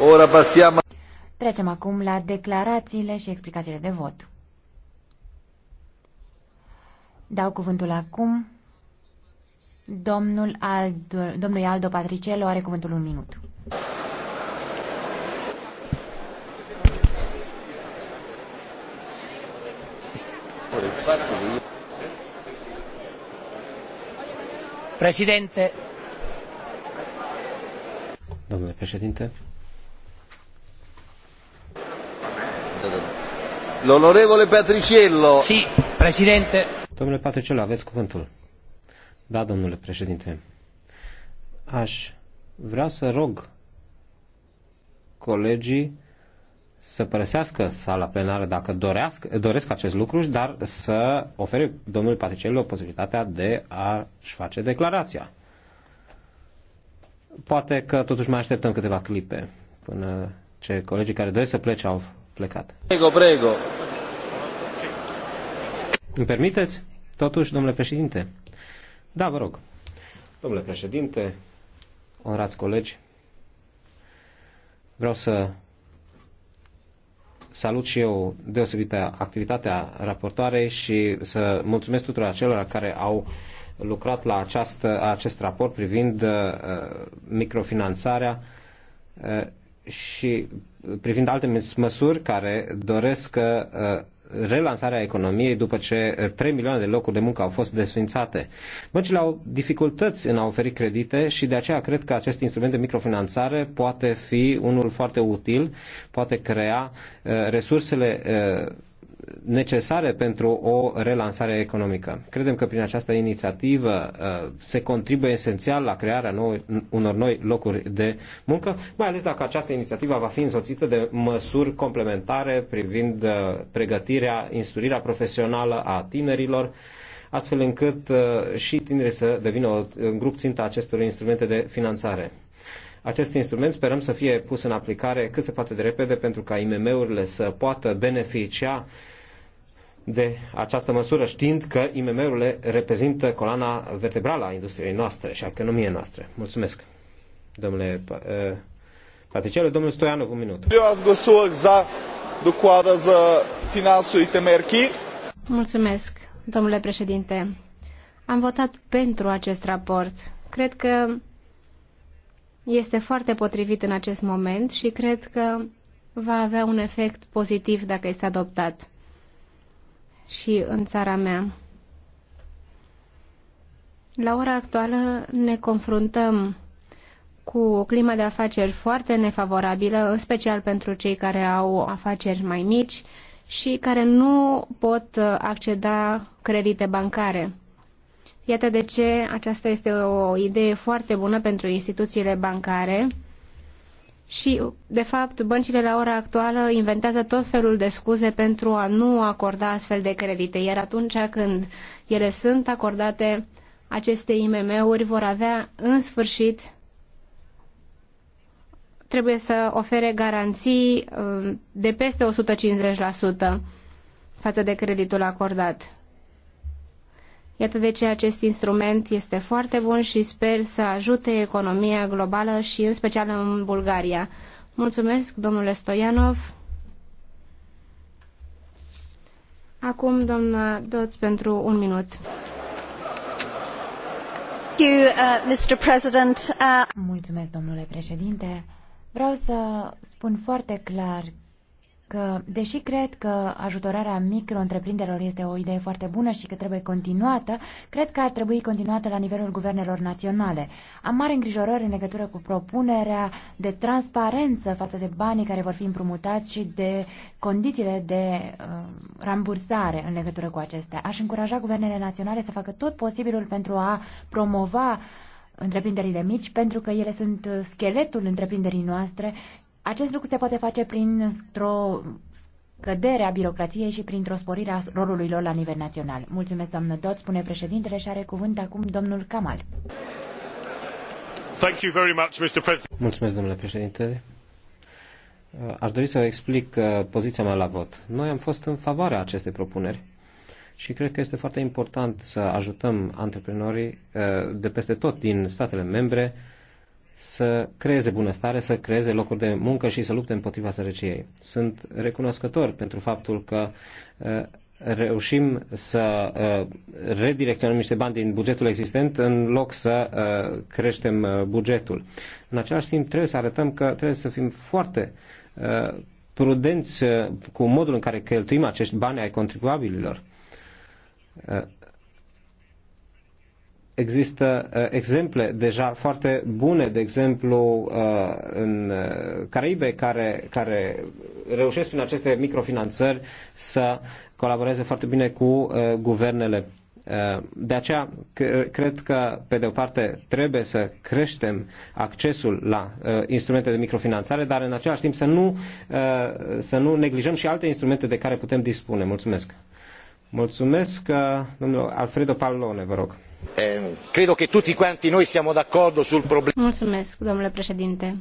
Ora Trecem acum la declarațiile și explicațiile de vot. Dau cuvântul acum Domnul Aldo, domnul Aldo Patricello are cuvântul un minut. Președinte. Domnule președinte. L'onorevole Patriciello. Sì, președinte. Domnule Patriciello, aveți cuvântul. Da, domnule președinte. Aș vrea să rog colegii să părăsească sala plenară dacă doresc, doresc acest lucru, dar să ofere domnului Patricello posibilitatea de a-și face declarația. Poate că totuși mai așteptăm câteva clipe până ce colegii care doresc să plece au plecat. Prego, prego. Îmi permiteți? Totuși, domnule președinte. Da, vă rog. Domnule președinte, onorați colegi, vreau să salut și eu deosebită activitatea raportoarei și să mulțumesc tuturor celor care au lucrat la această, acest raport privind uh, microfinanțarea uh, și privind alte măsuri care doresc uh, relansarea economiei după ce 3 uh, milioane de locuri de muncă au fost desfințate. Băncile au dificultăți în a oferi credite și de aceea cred că acest instrument de microfinanțare poate fi unul foarte util, poate crea uh, resursele necesare pentru o relansare economică. Credem că prin această inițiativă uh, se contribuie esențial la crearea noi, unor noi locuri de muncă, mai ales dacă această inițiativă va fi însoțită de măsuri complementare privind uh, pregătirea, instruirea profesională a tinerilor, astfel încât uh, și tinerii să devină un grup țintă acestor instrumente de finanțare acest instrument sperăm să fie pus în aplicare cât se poate de repede pentru ca IMM-urile să poată beneficia de această măsură, știind că IMM-urile reprezintă coloana vertebrală a industriei noastre și a economiei noastre. Mulțumesc, domnule uh, Paticelu. Domnul Stoianu, un minut. Eu ați găsuit za exact docoada za finanțul ITMRCHI. Mulțumesc, domnule președinte. Am votat pentru acest raport. Cred că este foarte potrivit în acest moment și cred că va avea un efect pozitiv dacă este adoptat și în țara mea. La ora actuală ne confruntăm cu o climă de afaceri foarte nefavorabilă, în special pentru cei care au afaceri mai mici și care nu pot acceda credite bancare. Iată de ce aceasta este o idee foarte bună pentru instituțiile bancare și, de fapt, băncile la ora actuală inventează tot felul de scuze pentru a nu acorda astfel de credite, iar atunci când ele sunt acordate, aceste IMM-uri vor avea, în sfârșit, trebuie să ofere garanții um, de peste 150% față de creditul acordat. Iată de ce acest instrument este foarte bun și sper să ajute economia globală și în special în Bulgaria. Mulțumesc, domnule Stoianov. Acum, doamna Doț, pentru un minut. Uh, uh, Mulțumesc, domnule președinte. Vreau să spun foarte clar că, deși cred că ajutorarea micro-întreprinderilor este o idee foarte bună și că trebuie continuată, cred că ar trebui continuată la nivelul guvernelor naționale. Am mare îngrijorări în legătură cu propunerea de transparență față de banii care vor fi împrumutați și de condițiile de uh, rambursare în legătură cu acestea. Aș încuraja guvernele naționale să facă tot posibilul pentru a promova întreprinderile mici, pentru că ele sunt uh, scheletul întreprinderii noastre acest lucru se poate face printr-o cădere a birocrației și printr-o sporire a rolului lor la nivel național. Mulțumesc, doamnă Dot, spune președintele și are cuvânt acum domnul Kamal. Thank you very much, Mr. President. Mulțumesc, domnule președinte. Uh, aș dori să explic uh, poziția mea la vot. Noi am fost în favoarea acestei propuneri și cred că este foarte important să ajutăm antreprenorii uh, de peste tot din statele membre să creeze bunăstare, să creeze locuri de muncă și să lupte împotriva sărăciei. Sunt recunoscător pentru faptul că uh, reușim să uh, redirecționăm niște bani din bugetul existent în loc să uh, creștem bugetul. În același timp trebuie să arătăm că trebuie să fim foarte prudenți cu modul în care cheltuim acești bani ai contribuabililor Există uh, exemple deja foarte bune, de exemplu uh, în uh, Caraibe, care, care reușesc prin aceste microfinanțări să colaboreze foarte bine cu guvernele. De aceea, cred că, pe de o parte, trebuie să creștem accesul la instrumente de microfinanțare, dar în același timp să nu, să nu neglijăm și alte instrumente de care putem dispune. Mulțumesc! Mulțumesc, domnul Alfredo Pallone, vă rog. Ehm, cred că toți tutti quanti noi siamo d'accordo sul problema. Mulțumesc, domnule președinte.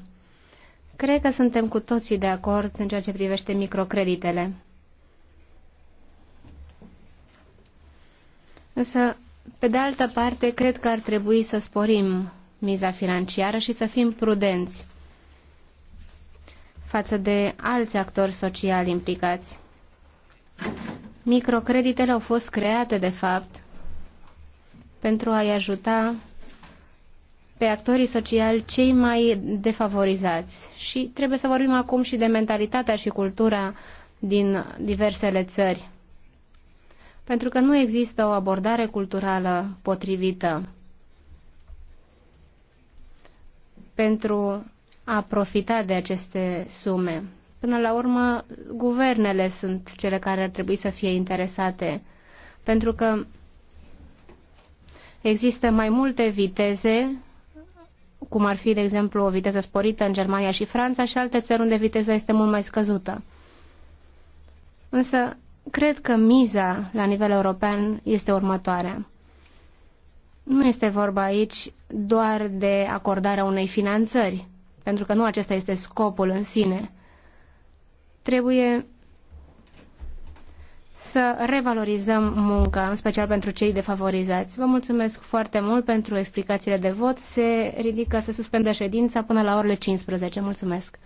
Cred că suntem cu toții de acord în ceea ce privește microcreditele. Însă, pe de altă parte, cred că ar trebui să sporim miza financiară și să fim prudenți față de alți actori sociali implicați. Microcreditele au fost create, de fapt, pentru a-i ajuta pe actorii sociali cei mai defavorizați. Și trebuie să vorbim acum și de mentalitatea și cultura din diversele țări. Pentru că nu există o abordare culturală potrivită pentru a profita de aceste sume. Până la urmă, guvernele sunt cele care ar trebui să fie interesate, pentru că Există mai multe viteze, cum ar fi, de exemplu, o viteză sporită în Germania și Franța și alte țări unde viteza este mult mai scăzută. Însă, cred că miza la nivel european este următoarea. Nu este vorba aici doar de acordarea unei finanțări, pentru că nu acesta este scopul în sine. Trebuie să revalorizăm munca, în special pentru cei defavorizați. Vă mulțumesc foarte mult pentru explicațiile de vot. Se ridică, se suspendă ședința până la orele 15. Mulțumesc!